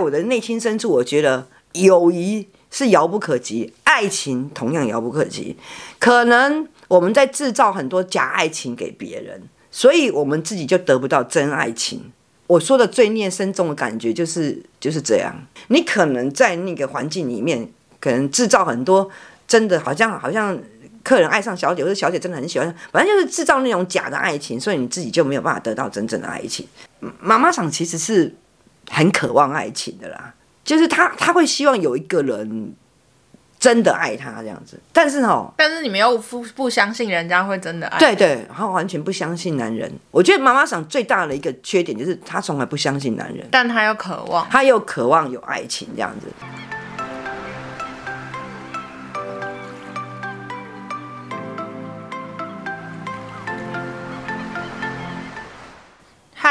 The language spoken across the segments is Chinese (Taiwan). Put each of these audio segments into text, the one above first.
在我的內心深處，我覺得友誼是遙不可及，愛情同樣遙不可及。可能我們在制造很多假愛情給別人，所以我們自己就得不到真愛情。我說的罪孽深重的感覺，就是就是這樣。你可能在那個環境裡面，可能制造很多真的，好像好像客人愛上小姐，或者小姐真的很喜歡，反正就是制造那種假的愛情，所以你自己就沒有辦法得到真正的愛情。媽媽桑其實是，很渴望愛情的啦，就是他他會希望有一個人真的愛他這樣子，但是吼，但是你們又不不相信人家會真的愛，對，對對，他完全不相信男人。我覺得媽媽桑最大的一個缺點就是他從來不相信男人，但他又渴望，他又渴望有愛情這樣子。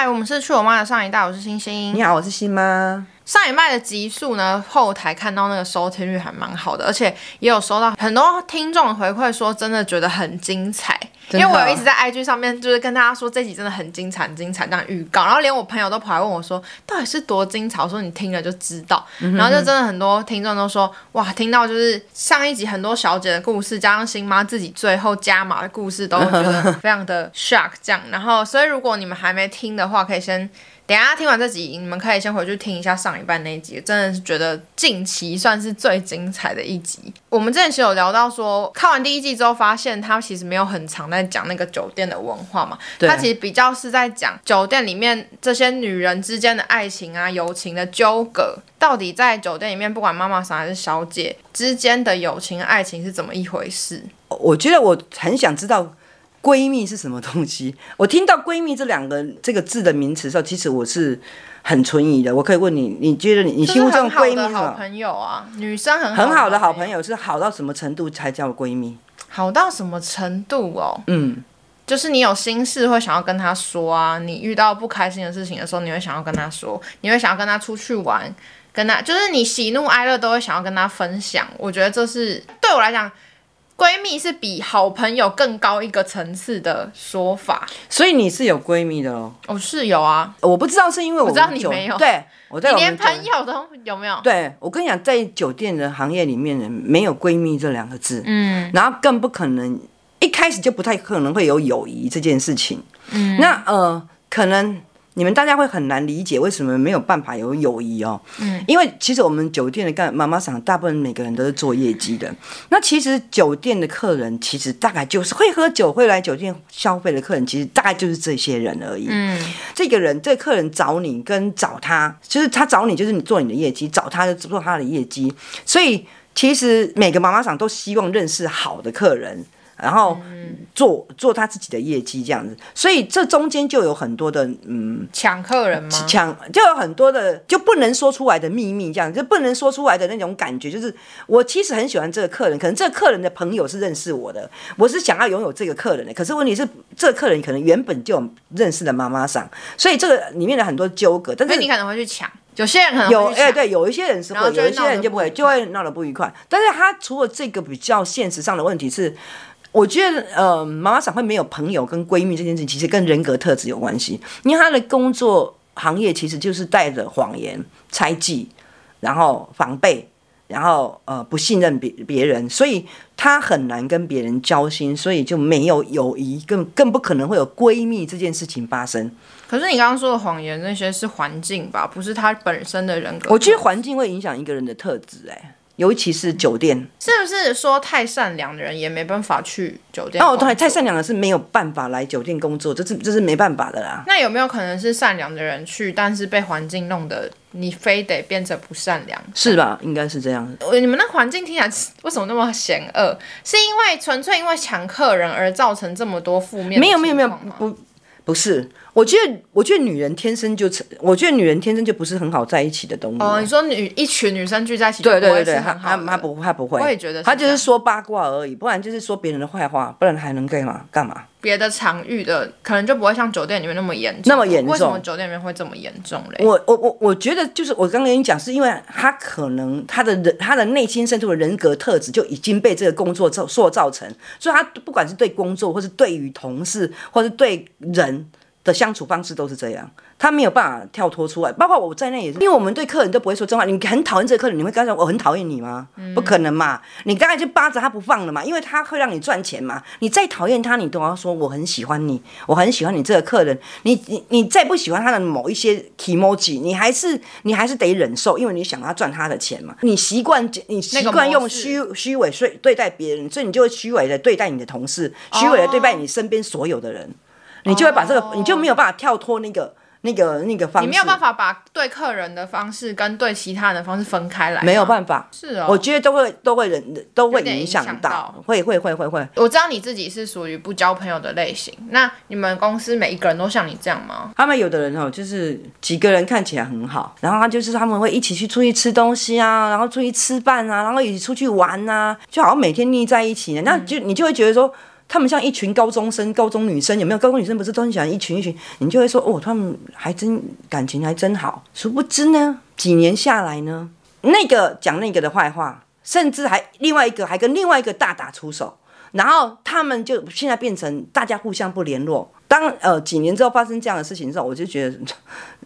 Hi, 我們是去我媽的上一代，我是星星。你好，我是星媽。上一代的集數呢，後台看到那個收聽率還蠻好的，而且也有收到很多聽眾回饋，說真的覺得很精彩。因為我有一直在 IG 上面，就是跟大家說，這集真的很精彩，很精彩這樣預告，然後連我朋友都跑來問我說，說到底是多精彩，我說你聽了就知道。然後就真的很多聽眾都說，哇，聽到就是上一集很多小姐的故事，加上星媽自己最後加碼的故事，都覺得非常的 shock 這樣。然後，所以如果你們還沒聽的話，可以先。等下聽完這集，你們可以先回去聽一下上一半那一集，真的是覺得近期算是最精彩的一集。我們之前其實有聊到說，看完第一季之後，發現它其實沒有很常在講那個酒店的文化嘛，它對其實比較是在講酒店裡面這些女人之間的愛情啊、友情的糾葛，到底在酒店裡面，不管媽媽桑還是小姐之間的友情、愛情是怎麼一回事。我覺得我很想知道。閨蜜是什麼東西？我聽到“閨蜜”這兩個這個字的名詞的時候，其實我是很存疑的。我可以問你，你覺得你你心目中閨蜜是什麼？好朋友啊，女生很好很好的好朋友是好到什麼程度才叫閨蜜？好到什麼程度哦？嗯，就是你有心事會想要跟她說啊，你遇到不開心的事情的時候，你會想要跟她說，你會想要跟她出去玩，跟她就是你喜怒哀樂都會想要跟她分享。我覺得這是對我來講。閨蜜是比好朋友更高一個層次的說法，所以你是有閨蜜的哦？哦，是有啊，我不知道是因為我，我知道你沒有。對我我你連朋友都有沒有？對我跟你講，在酒店的行業裡面，沒有閨蜜這兩個字，嗯，然後更不可能一開始就不太可能會有友誼這件事情，嗯，那呃可能。你們大家會很難理解為什麼沒有辦法有友誼哦，嗯，因為其實我們酒店的幹媽媽桑大部分每個人都是做業績的。那其實酒店的客人，其實大概就是會喝酒、會來酒店消費的客人，其實大概就是這些人而已。嗯，這個人、這個客人找你跟找他，就是他找你，就是你做你的業績；找他就做他的業績。所以，其實每個媽媽桑都希望認識好的客人。然後做做他自己的業績這樣子，所以這中間就有很多的嗯搶客人嘛，搶就有很多的就不能說出來的秘密，這樣就不能說出來的那種感覺，就是我其實很喜歡這個客人，可能這個客人的朋友是認識我的，我是想要擁有這個客人、欸，的。可是問題是這個、客人可能原本就有認識的媽媽桑，所以這個裡面的很多糾葛，但是所以你可能會去搶，有些人可能會搶有哎、欸、對，有一些人是會，會有一些人就不會，就會鬧得不愉快。但是他除了這個比較現實上的問題是，我覺得，呃，媽媽桑會沒有朋友跟閨蜜這件事，其實跟人格特質有關係。因為她的工作行業其實就是帶着謊言、猜忌，然後防備，然後呃不信任別別人，所以她很難跟別人交心，所以就沒有友誼，更更不可能會有閨蜜這件事情發生。可是你剛剛說的謊言，那些是環境吧，不是她本身的人格。我覺得環境會影響一個人的特質、欸，哎。尤其是酒店。嗯，是不是說太善良的人也沒辦法去酒店？哦，對，太善良的是沒有辦法來酒店工作，這是這是沒辦法的啦。那有沒有可能是善良的人去，但是被環境弄得你非得變成不善良？是吧？應該是這樣子。你們那環境聽起來為什麼那麼險惡？是因為純粹因為搶客人而造成這麼多負面沒？沒有沒有沒有，不不是。我覺得，我覺得女人天生就成，我覺得女人天生就不是很好在一起的東西。哦，oh, 你說女一群女生聚在一起不的，對對對，她她不她不會。我也覺得，她就是說八卦而已，不然就是說別人的壞話，不然還能幹嘛幹嘛？別的場域的可能就不會像酒店裡面那麼嚴那麼嚴重，為什麼酒店裡面會這麼嚴重嘞？我我我我覺得，就是我剛剛跟你講，是因為她可能她的人，她的內心深處的人格特質就已經被這個工作造塑造成，所以她不管是對工作，或是對於同事，或是對人。相處方式都是這樣，他沒有辦法跳脫出來。包括我在內也是，因為我們對客人都不會說真話。你很討厭這個客人，你會跟他說：「我很討厭你嗎？嗯、不可能嘛，你剛才就巴着他不放了嘛，因為他會讓你賺錢嘛。你再討厭他，你都要說我很喜歡你，我很喜歡你這個客人。你你你再不喜歡他的某一些 kimoji，你還是你還是得忍受，因為你想他賺他的錢嘛。你習慣你習慣用虛虛偽，對待別人，所以你就會虛偽的對待你的同事，虛偽的對待你身邊所有的人。哦你就會把這個，oh, 你就沒有辦法跳脫那個、那個、那個方式。你沒有辦法把對客人的方式跟對其他人的方式分開來。沒有辦法，是、哦，我覺得都會都會人都會影響到，會會會會會。會會會我知道你自己是屬於不交朋友的類型，那你們公司每一個人都像你這樣嗎？他們有的人哦，就是幾個人看起來很好，然後他就是他們會一起去出去吃東西啊，然後出去吃飯啊，然後一起出去玩啊，就好像每天膩在一起呢，嗯、那就你就會覺得說。他們像一群高中生，高中女生有沒有？高中女生不是都很喜歡一群一群？你就會說哦，他們還真感情還真好。殊不知呢，幾年下來呢，那個講那個的壞話，甚至還另外一個還跟另外一個大打出手，然後他們就現在變成大家互相不聯絡。當呃幾年之後發生這樣的事情之後，我就覺得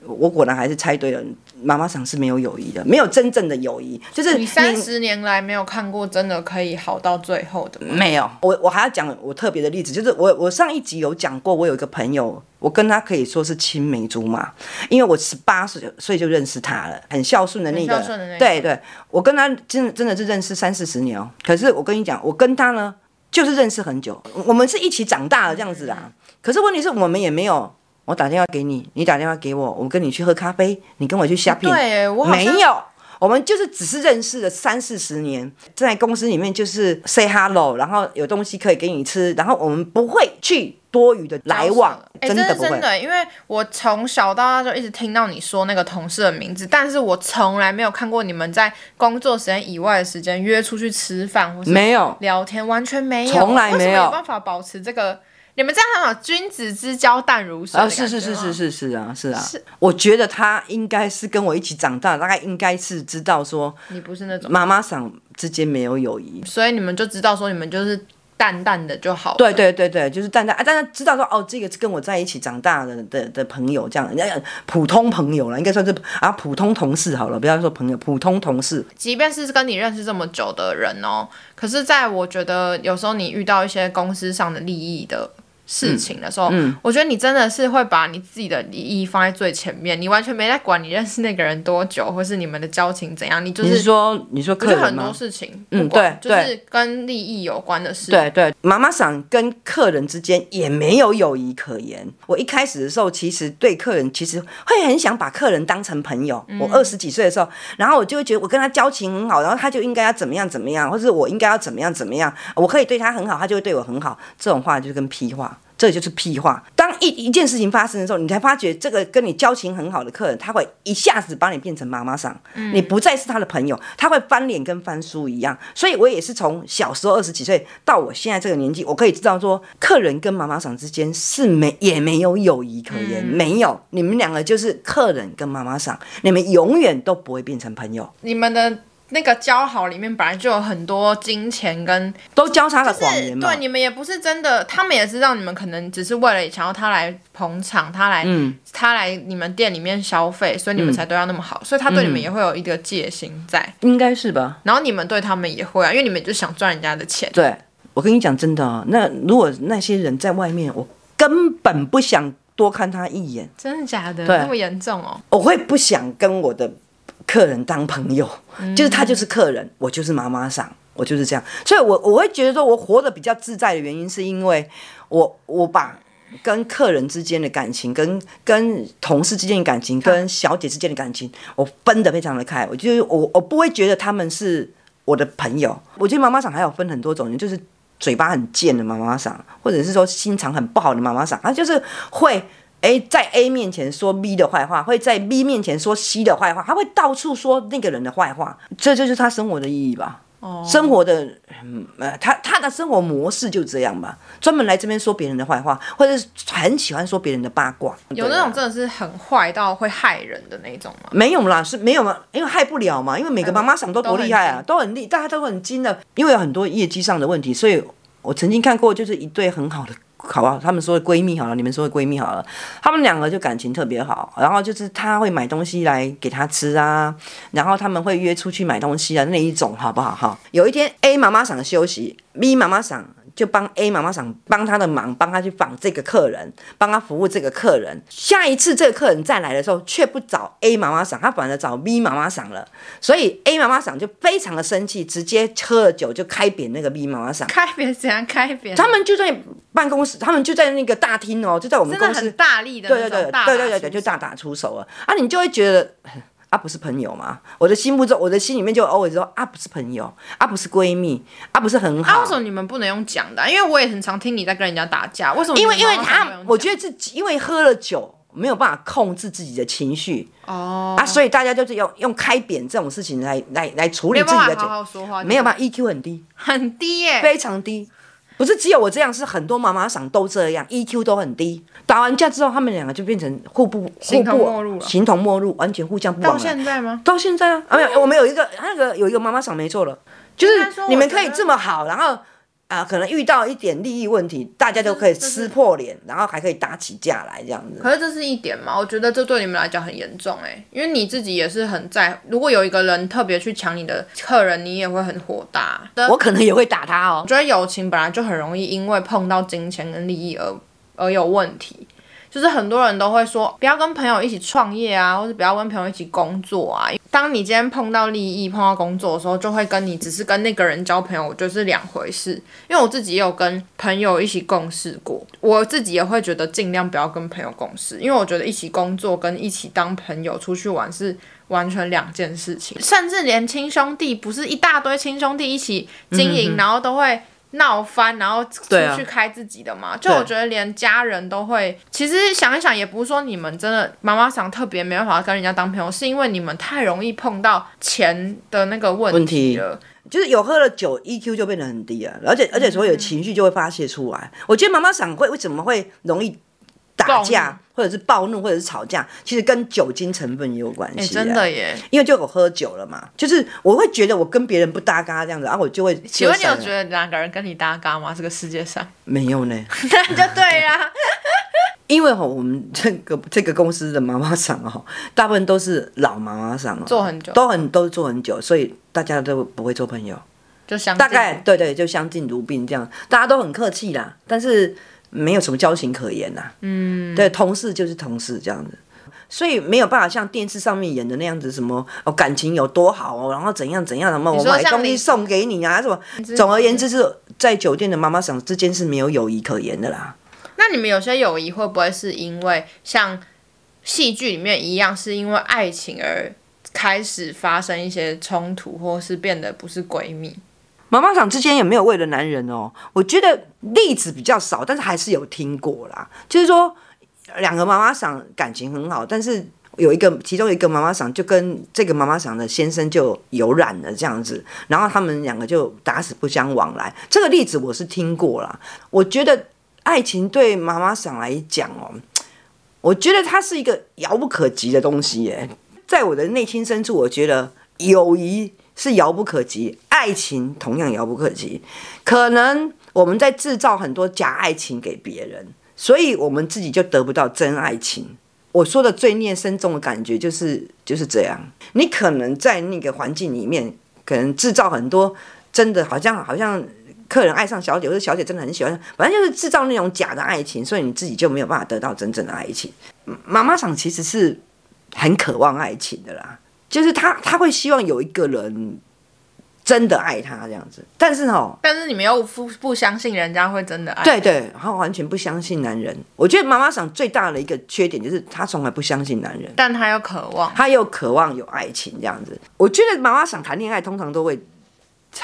我果然還是猜對了。媽媽桑是沒有友誼的，沒有真正的友誼。就是你三十年來沒有看過真的可以好到最後的嗎？沒有，我我還要講我特別的例子，就是我我上一集有講過，我有一個朋友，我跟他可以說是青梅竹馬，因為我十八歲所以就認識他了，很孝順的那個，孝順的那個，對對，我跟他真的真的是認識三四十年哦、喔。可是我跟你講，我跟他呢就是認識很久，我們是一起長大的這樣子啦。嗯、可是問題是我們也沒有。我打電話給你，你打電話給我，我跟你去喝咖啡，你跟我去瞎拼。對、欸、我沒有，我們就是只是認識了三四十年，在公司裡面就是 say hello，然後有東西可以給你吃，然後我們不會去多餘的來往，真，是真的不會。真的，欸、真的，因為我從小到大就一直聽到你說那個同事的名字，但是我從來沒有看過你們在工作時間以外的時間約出去吃飯或沒有聊天，有完全沒有，從來沒有，有辦法保持這個。你們這樣講好，君子之交淡如水啊！是是是是是是啊，是啊。是我覺得他應該是跟我一起長大，大概應該是知道說媽媽，你不是那種媽媽桑之間沒有友誼，所以你們就知道說，你們就是淡淡的就好了。對對對對，就是淡淡啊，但是知道說哦，這個是跟我在一起長大的的的朋友，這樣人家普通朋友了，應該算是啊，普通同事好了，不要說朋友，普通同事。即便是跟你認識這麼久的人哦，可是在我覺得，有時候你遇到一些公司上的利益的。事情的時候，嗯嗯，我覺得你真的是會把你自己的利益放在最前面，你完全沒在管你認識那個人多久，或是你們的交情怎樣。你就是，你是說你說客人嗎？很多事情，嗯，對，就是跟利益有關的事。對對，媽媽桑跟客人之間也沒有友誼可言。我一開始的時候，其實對客人其實會很想把客人當成朋友。我二十幾歲的時候，然後我就會覺得我跟他交情很好，然後他就應該要怎麼樣怎麼樣，或是我應該要怎麼樣怎麼樣，我可以對他很好，他就會對我很好。這種話就是跟屁話。這就是屁話。當一一件事情發生的時候，你才發覺這個跟你交情很好的客人，他會一下子把你變成媽媽桑，嗯、你不再是他的朋友，他會翻臉跟翻書一樣。所以我也是從小時候二十幾歲到我現在這個年紀，我可以知道說，客人跟媽媽桑之間是沒也沒有友誼可言，嗯、沒有你們兩個就是客人跟媽媽桑，你們永遠都不會變成朋友。你們的。那個交好裡面本來就有很多金錢跟都交叉的謊言嘛、就是、對你們也不是真的，他們也是讓你們可能只是為了想要他來捧場，他來、嗯、他來你們店裡面消費，所以你們才都要那麼好，嗯、所以他對你們也會有一個戒心在，應該是吧？然後你們對他們也會啊，因為你們就想賺人家的錢。對，我跟你講真的、哦，那如果那些人在外面，我根本不想多看他一眼。真的假的？對那麼嚴重哦？我會不想跟我的。客人當朋友，嗯、就是他就是客人，我就是媽媽桑，我就是這樣，所以我，我我會覺得說我活得比較自在的原因，是因為我我把跟客人之間的感情，跟跟同事之間的感情，跟小姐之間的感情，啊、我分得非常的開。我就是我我不會覺得他們是我的朋友。我覺得媽媽桑還有分很多種人，就是嘴巴很賤的媽媽桑，或者是說心腸很不好的媽媽桑，她就是會。哎，A 在 A 面前說 B 的壞話，會在 B 面前說 C 的壞話，他會到處說那個人的壞話，這就是他生活的意義吧？哦，oh. 生活的，呃、嗯，他他的生活模式就這樣吧，專門來這邊說別人的壞話，或者是很喜歡說別人的八卦。有那種真的是很壞到會害人的那種嗎？啊、沒有啦，是沒有嘛，因為害不了嘛，因為每個媽媽桑都多厲害啊，都很厲，大家都很精的，因為有很多業績上的問題，所以我曾經看過就是一對很好的。好不好？他們說的閨蜜好了，你們說的閨蜜好了，他們兩個就感情特別好。然後就是她會買東西來給他吃啊，然後他們會約出去買東西啊，那一種好不好？哈，有一天 A 媽媽想休息，B 媽媽想。就幫 A 媽媽桑幫她的忙，幫他去訪這個客人，幫他服務這個客人。下一次這個客人再來的時候，卻不找 A 媽媽桑，她反而找 B 媽媽桑了。所以 A 媽媽桑就非常的生氣，直接喝了酒就開扁那個 B 媽媽桑，開扁怎樣開扁？他們就在辦公室，他們就在那個大廳哦，就在我們公司，很大力的，對對對對對對對，就大打出手了。啊，你就會覺得。啊，不是朋友嘛！我的心目中，我的心裡面就偶爾說啊，不是朋友，啊，不是閨蜜，啊，不是很好。啊、為什麼你們不能用講的、啊？因為我也很常聽你在跟人家打架。為什麼，媽媽怎麼用講？因為因為他，我覺得自己因為喝了酒，沒有辦法控制自己的情緒。哦。Oh. 啊，所以大家就是用用開扁這種事情來來來處理自己的酒。沒辦法好好說話。沒有辦法，EQ 很低，很低耶、欸，非常低。可是只有我這樣，是很多媽媽桑都這樣，EQ 都很低。打完架之後，他們兩個就變成互不互不形同,形同陌路，完全互相不往來。到現在嗎？到現在啊！啊嗯、沒有，我們有一個，他那個有一個媽媽桑沒做了，就是你們可以這麼好，然後。啊、呃，可能遇到一點利益問題，大家就可以撕破臉，然後還可以打起架來這樣子。可是這是一點嘛？我覺得這對你們來講很嚴重哎、欸，因為你自己也是很在，如果有一個人特別去搶你的客人，你也會很火大。我可能也會打他哦。我覺得友情本來就很容易因為碰到金錢跟利益而而有問題。就是很多人都會說，不要跟朋友一起創業啊，或者不要跟朋友一起工作啊。當你今天碰到利益、碰到工作的時候，就會跟你只是跟那個人交朋友，就是兩回事。因為我自己也有跟朋友一起共事過，我自己也會覺得儘量不要跟朋友共事，因為我覺得一起工作跟一起當朋友出去玩是完全兩件事情，甚至連親兄弟，不是一大堆親兄弟一起經營，嗯、哼哼然後都會。鬧翻，然後出去開自己的嘛。啊、就我覺得連家人都會，對其實想一想，也不是說你們真的媽媽桑特別沒辦法跟人家當朋友，是因為你們太容易碰到錢的那個問題了。問題，就是有喝了酒，EQ 就變得很低啊，而且而且所有的情緒就會發洩出來。嗯、我覺得媽媽桑會為什麼會容易？打架，怒或者是暴怒，或者是吵架，其實跟酒精成分也有關係、欸。真的耶！因為就我喝酒了嘛，就是我會覺得我跟別人不搭嘎這樣子，然、啊、我就會。請問你有覺得哪個人跟你搭嘎嗎？嗯、這個世界上沒有呢。 就對呀、啊。 因為、哦、我們這個這個公司的媽媽桑哦，大部分都是老媽媽桑、哦、做很久，都很都做很久，所以大家都不會做朋友，就相大概對對，就相敬如賓這樣，大家都很客氣啦，但是。沒有什麼交情可言吶、啊，嗯，對，同事就是同事這樣子，所以沒有辦法像電視上面演的那樣子，什麼哦感情有多好哦，然後怎樣怎樣的，然後我買東西送給你啊，你你什麼。總而言之，是在酒店的媽媽桑之間是沒有友誼可言的啦。那你們有些友誼會不會是因為像戲劇裡面一樣，是因為愛情而開始發生一些衝突，或是變得不是閨蜜？媽媽桑之間也沒有為了男人哦？我覺得例子比較少，但是還是有聽過啦。就是說，兩個媽媽桑感情很好，但是有一個，其中一個媽媽桑就跟這個媽媽桑的先生就有染了這樣子，然後他們兩個就打死不相往來。這個例子我是聽過啦，我覺得愛情對媽媽桑來講哦，我覺得它是一個遙不可及的東西耶，在我的內心深處，我覺得友誼是遙不可及。愛情同樣遙不可及，可能我們在製造很多假愛情給別人，所以我們自己就得不到真愛情。我說的罪孽深重的感覺就是就是這樣。你可能在那個環境裡面，可能製造很多真的，好像好像客人愛上小姐，或者小姐真的很喜歡，反正就是製造那種假的愛情，所以你自己就沒有辦法得到真正的愛情。媽媽桑其實是很渴望愛情的啦，就是他他會希望有一個人。真的愛他這樣子，但是哦，但是你們又不不相信人家會真的愛，對對，她完全不相信男人。我覺得媽媽桑最大的一個缺點就是她從來不相信男人，但她又渴望，她又渴望有愛情這樣子。我覺得媽媽桑談戀愛通常都會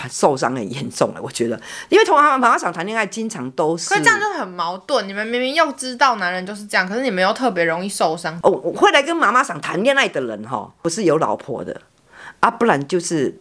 受傷很嚴重我覺得，因為同媽媽桑談戀愛經常都是，所以這樣就很矛盾。你們明明又知道男人就是這樣，可是你們又特別容易受傷。哦，會來跟媽媽桑談戀愛的人哈，不是有老婆的啊，不然就是。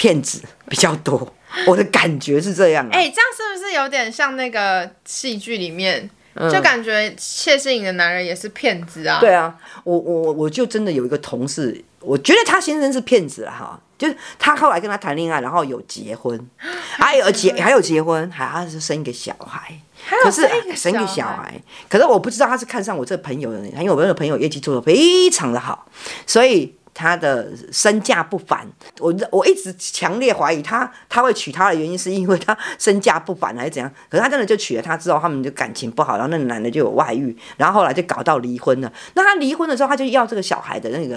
騙子比較多，我的感覺是這樣啊。哎、欸，這樣是不是有點像那個戲劇裡面，嗯，就感覺謝身影的男人也是騙子啊？對啊，我我我就真的有一個同事，我覺得他先生是騙子哈，就是他後來跟他談戀愛，然後有結婚，騙子，還有結還有結婚，還還是生一個小孩，可是生一個小孩，可是我不知道他是看上我這朋友的，因為我這朋友業績做得非常的好，所以。他的身價不凡，我我一直強烈懷疑他他會娶她的原因是因為他身價不凡還是怎樣？可是他真的就娶了她之後，他們就感情不好，然後那個男的就有外遇，然後後來就搞到離婚了。那他離婚的時候，他就要這個小孩的那個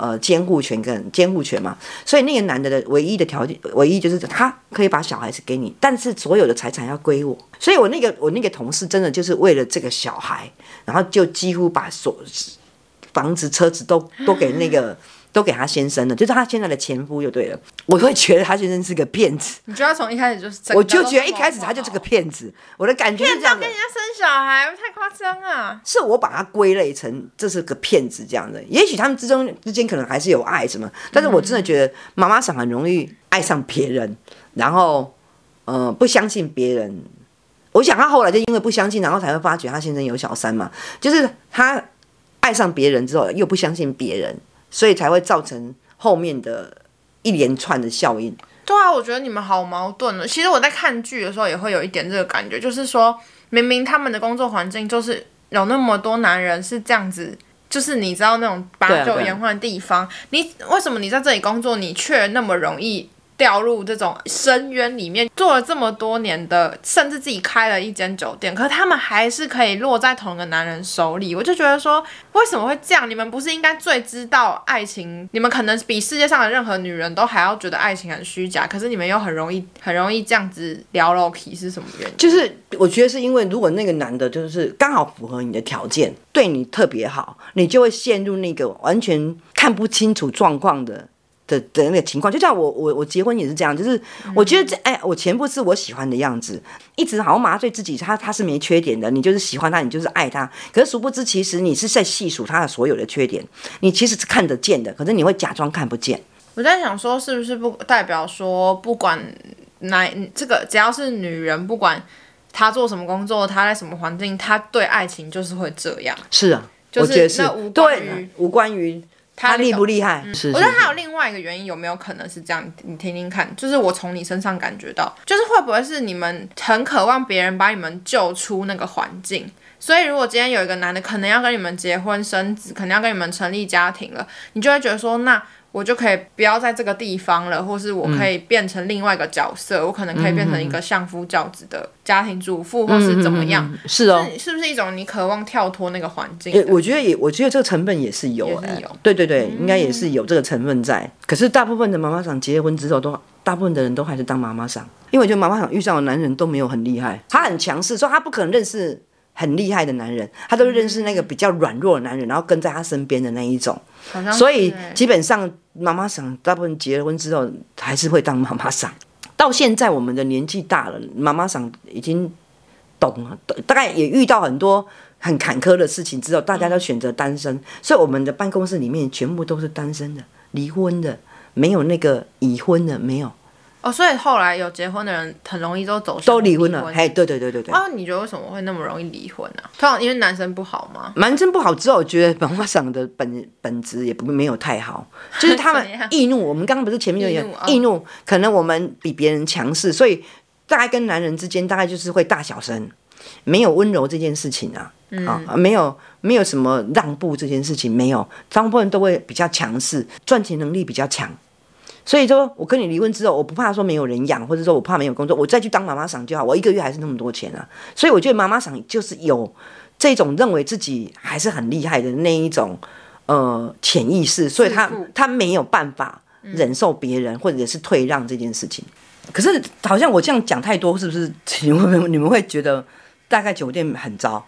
呃監護權跟監護權嘛，所以那個男的的唯一的條件唯一就是他可以把小孩子給你，但是所有的財產要歸我。所以我那個我那個同事真的就是為了這個小孩，然後就幾乎把所房子、車子都都給那個。 都給他先生了，就是他現在的前夫就對了。我會覺得他先生是個騙子。你覺得從一開始就是？我就覺得一開始他就是個騙子。我的感覺是這樣。跟人家生小孩我太誇張了。是我把他歸類成這是個騙子這樣的。也許他們之中之間可能還是有愛什麼，但是我真的覺得媽媽桑很容易愛上別人，然後，嗯、呃、不相信別人。我想他後來就因為不相信，然後才會發覺他先生有小三嘛。就是他愛上別人之後，又不相信別人。所以才會造成後面的一連串的效應。對啊，我覺得你們好矛盾啊、喔。其實我在看劇的時候也會有一點這個感覺，就是說明明他們的工作環境就是有那麼多男人是這樣子，就是你知道那種把酒言歡的地方，對啊對啊，你為什麼你在這裡工作，你卻那麼容易？掉入這種深淵裡面，做了這麼多年的，甚至自己開了一間酒店，可他們還是可以落在同一個男人手裡。我就覺得說，為什麼會這樣？你們不是應該最知道愛情？你們可能比世界上的任何女人都還要覺得愛情很虛假，可是你們又很容易、很容易這樣子撩落去，是什麼原因？就是我覺得是因為，如果那個男的就是剛好符合你的條件，對你特別好，你就會陷入那個完全看不清楚狀況的。的的那個情況，就像我我我結婚也是這樣，就是我覺得這哎、嗯欸，我前夫是我喜歡的樣子，一直好像麻醉自己，他他是沒缺點的，你就是喜歡他，你就是愛他。可是殊不知，其實你是在細數他的所有的缺點，你其實是看得見的，可是你會假裝看不見。我在想說，是不是不代表說，不管男，這個，只要是女人，不管她做什麼工作，她在什麼環境，她對愛情就是會這樣？是啊，就是，我覺得是那無關於無關於。他厲不厲害？我覺得還有另外一個原因，有沒有可能是這樣？你聽聽看,就是我從你身上感覺到，就是會不會是你們很渴望別人把你們救出那個環境？所以如果今天有一個男的，可能要跟你們結婚生子，可能要跟你們成立家庭了，你就會覺得說那。我就可以不要在這個地方了，或是我可以變成另外一個角色，嗯、我可能可以變成一個相夫教子的家庭主婦，嗯、或是怎麼樣？嗯、是哦是，是不是一種你渴望跳脫那個環境？欸，我覺得也，我覺得這個成分也是有，欸，的。對對對，嗯、應該也是有這個成分在。可是大部分的媽媽桑結了婚之後都，都大部分的人都還是當媽媽桑，因為我覺得媽媽桑遇上的男人都沒有很厲害，她很強勢，所以她不可能認識很厲害的男人，她都認識那個比較軟弱的男人，嗯、然後跟在她身邊的那一種，欸、所以基本上。媽媽桑，大部分結了婚之後還是會當媽媽桑。到現在，我們的年紀大了，媽媽桑已經懂了，大概也遇到很多很坎坷的事情之後，大家都選擇單身，所以我們的辦公室裡面全部都是單身的，離婚的，沒有那個已婚的，沒有。哦，所以後來有結婚的人很容易都走離都離婚了，哎，對對對對對。哦，你覺得為什麼會那麼容易離婚呢、啊？通常因為男生不好嗎？男生不好，之後我覺得文化上的本本質也不沒有太好，就是他們易怒。樣我們剛剛不是前面就有易怒，怒哦、可能我們比別人強勢，所以大概跟男人之間大概就是會大小聲，沒有溫柔這件事情啊，啊、嗯哦，沒有沒有什麼讓步這件事情，沒有，大部分人都會比較強勢，賺錢能力比較強。所以說，我跟你離婚之後，我不怕說沒有人養，或者說我怕沒有工作，我再去當媽媽桑就好。我一個月還是那麼多錢啊，所以我覺得媽媽桑就是有這種認為自己還是很厲害的那一種呃潛意識，所以他他沒有辦法忍受別人或者是退讓這件事情。可是好像我這樣講太多，是不是？請問你們會覺得大概酒店很糟？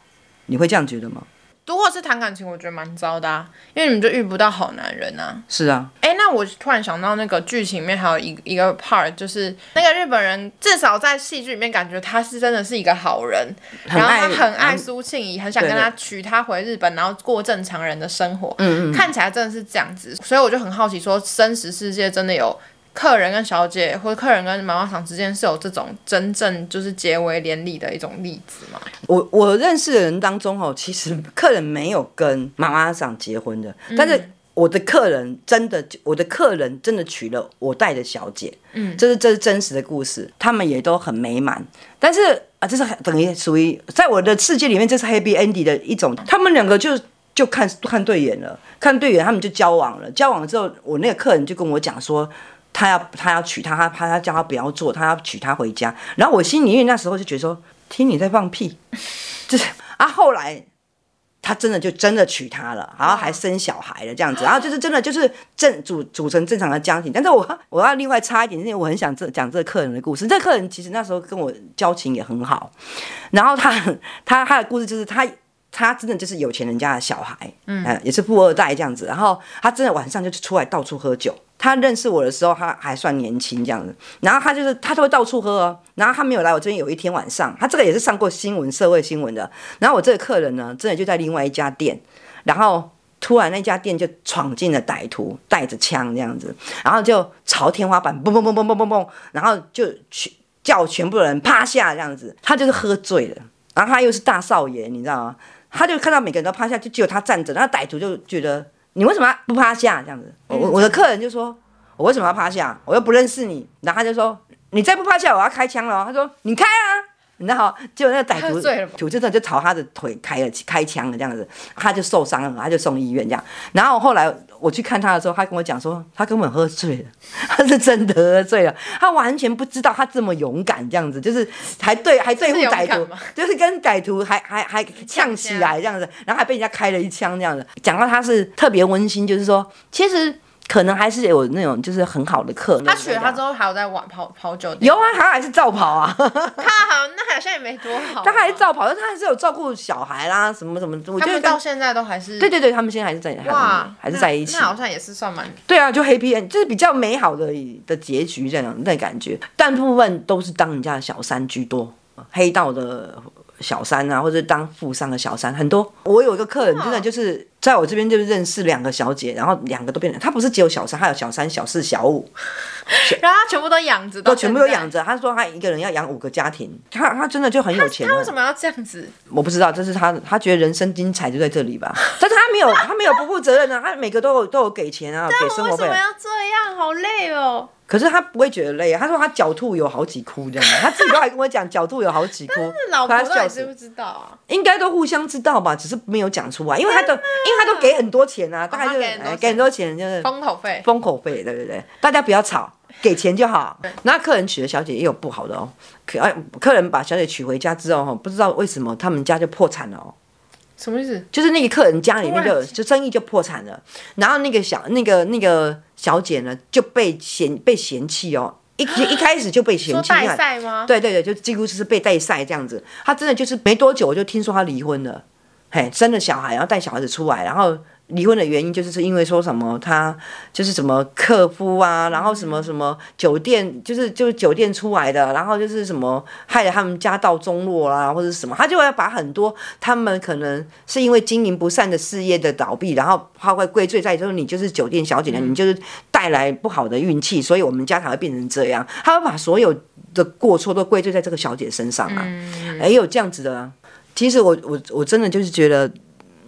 你會這樣覺得嗎？如果是談感情，我覺得蠻糟的啊，因為你們就遇不到好男人啊。是啊，哎、欸，那我突然想到那個劇情裡面還有一一個 part，就是那個日本人至少在戲劇裡面感覺他是真的是一個好人，愛然後他很愛蘇慶儀，嗯、很想跟他娶她回日本，對對，然後過正常人的生活。嗯嗯，看起來真的是這樣子，所以我就很好奇，說真實世界真的有，客人跟小姐，或者客人跟媽媽桑之間是有這種真正就是結為連理的一種例子嗎？我我認識的人當中哦，其實客人沒有跟媽媽桑結婚的，嗯、但是我的客人真的，我的客人真的娶了我帶的小姐，嗯，這是這是真實的故事，他們也都很美滿。但是啊，這是等於屬於在我的世界裡面，這是 Happy Ending 的一種，他們兩個就就看看對眼了，看對眼，他們就交往了，交往了之後，我那個客人就跟我講說。他要他要娶她，他怕他叫他不要做，他要娶她回家。然後我心裡面那時候就覺得說，聽你在放屁，就是啊。後來他真的就真的娶她了，然後還生小孩了，這樣子，然後就是真的就是正組組成正常的家庭。但是我我要另外插一點，因為我很想這講這個客人的故事。這個客人其實那時候跟我交情也很好，然後他他他、他的故事就是他他真的就是有錢人家的小孩，嗯，也是富二代這樣子。然後他真的晚上就出來到處喝酒。他認識我的時候，他還算年輕這樣子。然後他就是，他就會到處喝哦。然後他沒有來我這邊。有一天晚上，他這個也是上過新聞，社會新聞的。然後我這個客人呢，真的就在另外一家店。然後突然那家店就闖進了歹徒，帶着槍這樣子。然後就朝天花板嘣嘣嘣嘣嘣嘣嘣，然後就去叫全部人趴下這樣子。他就是喝醉了，然後他又是大少爺，你知道嗎？他就看到每個人都趴下，就只有他站着。然後歹徒就覺得。你為什麼不趴下這樣子？我、嗯、我的客人就說，我為什麼要趴下？我又不認識你。然後他就說，你再不趴下，我要開槍了、喔。他說，你開啊。然後就那個歹徒就真的就朝他的腿開了開槍了，這樣子他就受傷了，他就送醫院這樣。然後後來。我去看他的時候，他跟我講說，他根本喝醉了，他是真的喝醉了，他完全不知道他這麼勇敢這樣子，就是還對還對付歹徒，就是跟歹徒還還還嗆起來這樣子，然後還被人家開了一槍這樣子。講到他是特別溫馨，就是說，其實。可能還是有那種就是很好的客人，他娶了他之後還有在泡跑酒店。有啊，他還是照跑啊。他 好，那好像也沒多好。他還是照跑，但他還是有照顧小孩啦、啊，什麼什麼。我覺得他到現在都還是。對對對，他們現在還是在哇還是在一起那。那好像也是算蠻。對啊，就黑皮，就是比較美好的的結局這樣那感覺。大部分都是當人家的小三居多，黑道的小三啊，或者當富商的小三很多。我有一個客人，真的就是。哦在我這邊就是認識兩個小姐，然後兩個都變成，她不是只有小三，還有小三、小四、小五， 然後她全部都養着，都全部都養着。她說她一個人要養五個家庭，她她真的就很有錢了。她為什麼要這樣子？我不知道，這是她她覺得人生精彩就在這裡吧。 但是她沒有她沒有不負責任啊，她每個都有都有給錢啊， 給生活費。為什麼要這樣？好累哦。可是他不會覺得累啊，他說他狡兔有好幾窟的、啊，他自己都還跟我講狡兔有好幾窟 是老他腳不是知道啊，應該都互相知道吧，只是沒有講出來，因為他都哪因為他都給很多錢啊，大家、哦、就他給、很、欸、給很多錢就是封口費，封口費對不對？對，大家不要吵，給錢就好。那 客人娶了小姐也有不好的哦，客哎客人把小姐娶回家之後哈，不知道為什麼他們家就破產了哦。什麼意思？就是那個客人家裡面就有生意就破產了。然後那個小那個那個小姐呢，就被嫌被嫌棄哦，一一開始就被嫌棄說帶曬嗎？對對對，就幾乎是被帶曬這樣子。她真的就是沒多久，我就聽說她離婚了，嘿，生了小孩，然後帶小孩子出來，然後。離婚的原因就是是因為說什麼他就是什麼克夫啊，然後什麼什麼酒店就是就是酒店出來的，然後就是什麼害了他們家道中落啦、啊，或者什麼，他就會把很多他們可能是因為經營不善的事業的倒閉，然後他會歸罪在就是你就是酒店小姐呢，嗯、你就是帶來不好的運氣，所以我們家才會變成這樣，他會把所有的過錯都歸罪在這個小姐身上啊，誒、嗯嗯，有、哎、這樣子的，其實我我我真的就是覺得。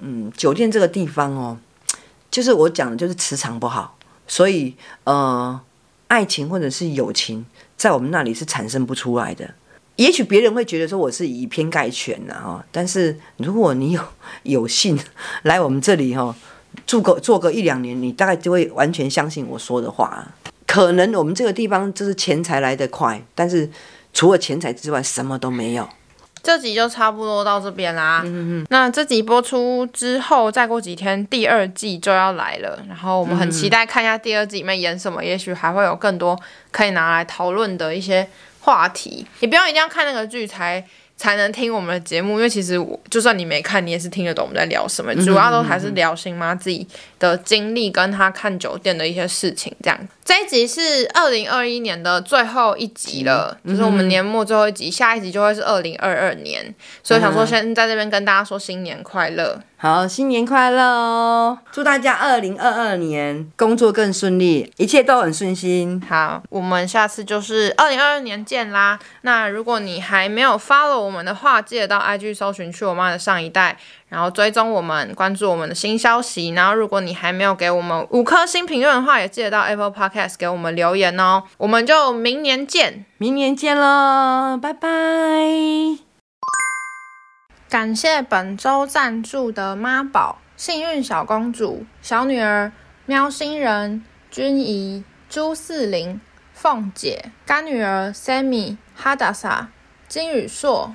嗯，酒店這個地方哦，就是我講的，就是磁場不好，所以呃，愛情或者是友情，在我們那裡是產生不出來的。也許別人會覺得說我是以偏概全吶、啊哦，但是如果你有有幸來我們這裡哈、哦，住個住個一兩年，你大概就會完全相信我說的話。可能我們這個地方就是錢財來得快，但是除了錢財之外，什麼都沒有。這集就差不多到這邊啦。嗯、哼那這集播出之後，再過幾天第二季就要來了。然後我們很期待看一下第二季裡面演什麼，嗯、哼也許還會有更多可以拿來討論的一些話題。你不要一定要看那個劇才才能聽我們的節目，因為其實我就算你沒看，你也是聽得懂我們在聊什麼。主要都還是聊星媽自己的經歷跟他看酒店的一些事情，這樣這一集是二零二一年的最後一集了，嗯、就是我們年末最後一集，嗯、下一集就會是二零二二年，所以想說先在這邊跟大家說新年快樂、嗯，好，新年快樂哦，祝大家二零二二年工作更順利，一切都很順心，好，我們下次就是二零二二年見啦，那如果你還沒有 follow 我們的話，記得到 IG 搜尋去我媽的上一代。然後追蹤我們，關注我們的新消息。然後，如果你還沒有給我們五顆星評論的話，也記得到 Apple Podcast 給我們留言哦。我們就明年見，明年見了，拜拜。感謝本周贊助的媽寶、幸運小公主、小女兒、喵星人、君怡、朱四零、鳳姐、乾女兒 Sammy、emi，哈達薩、金宇碩。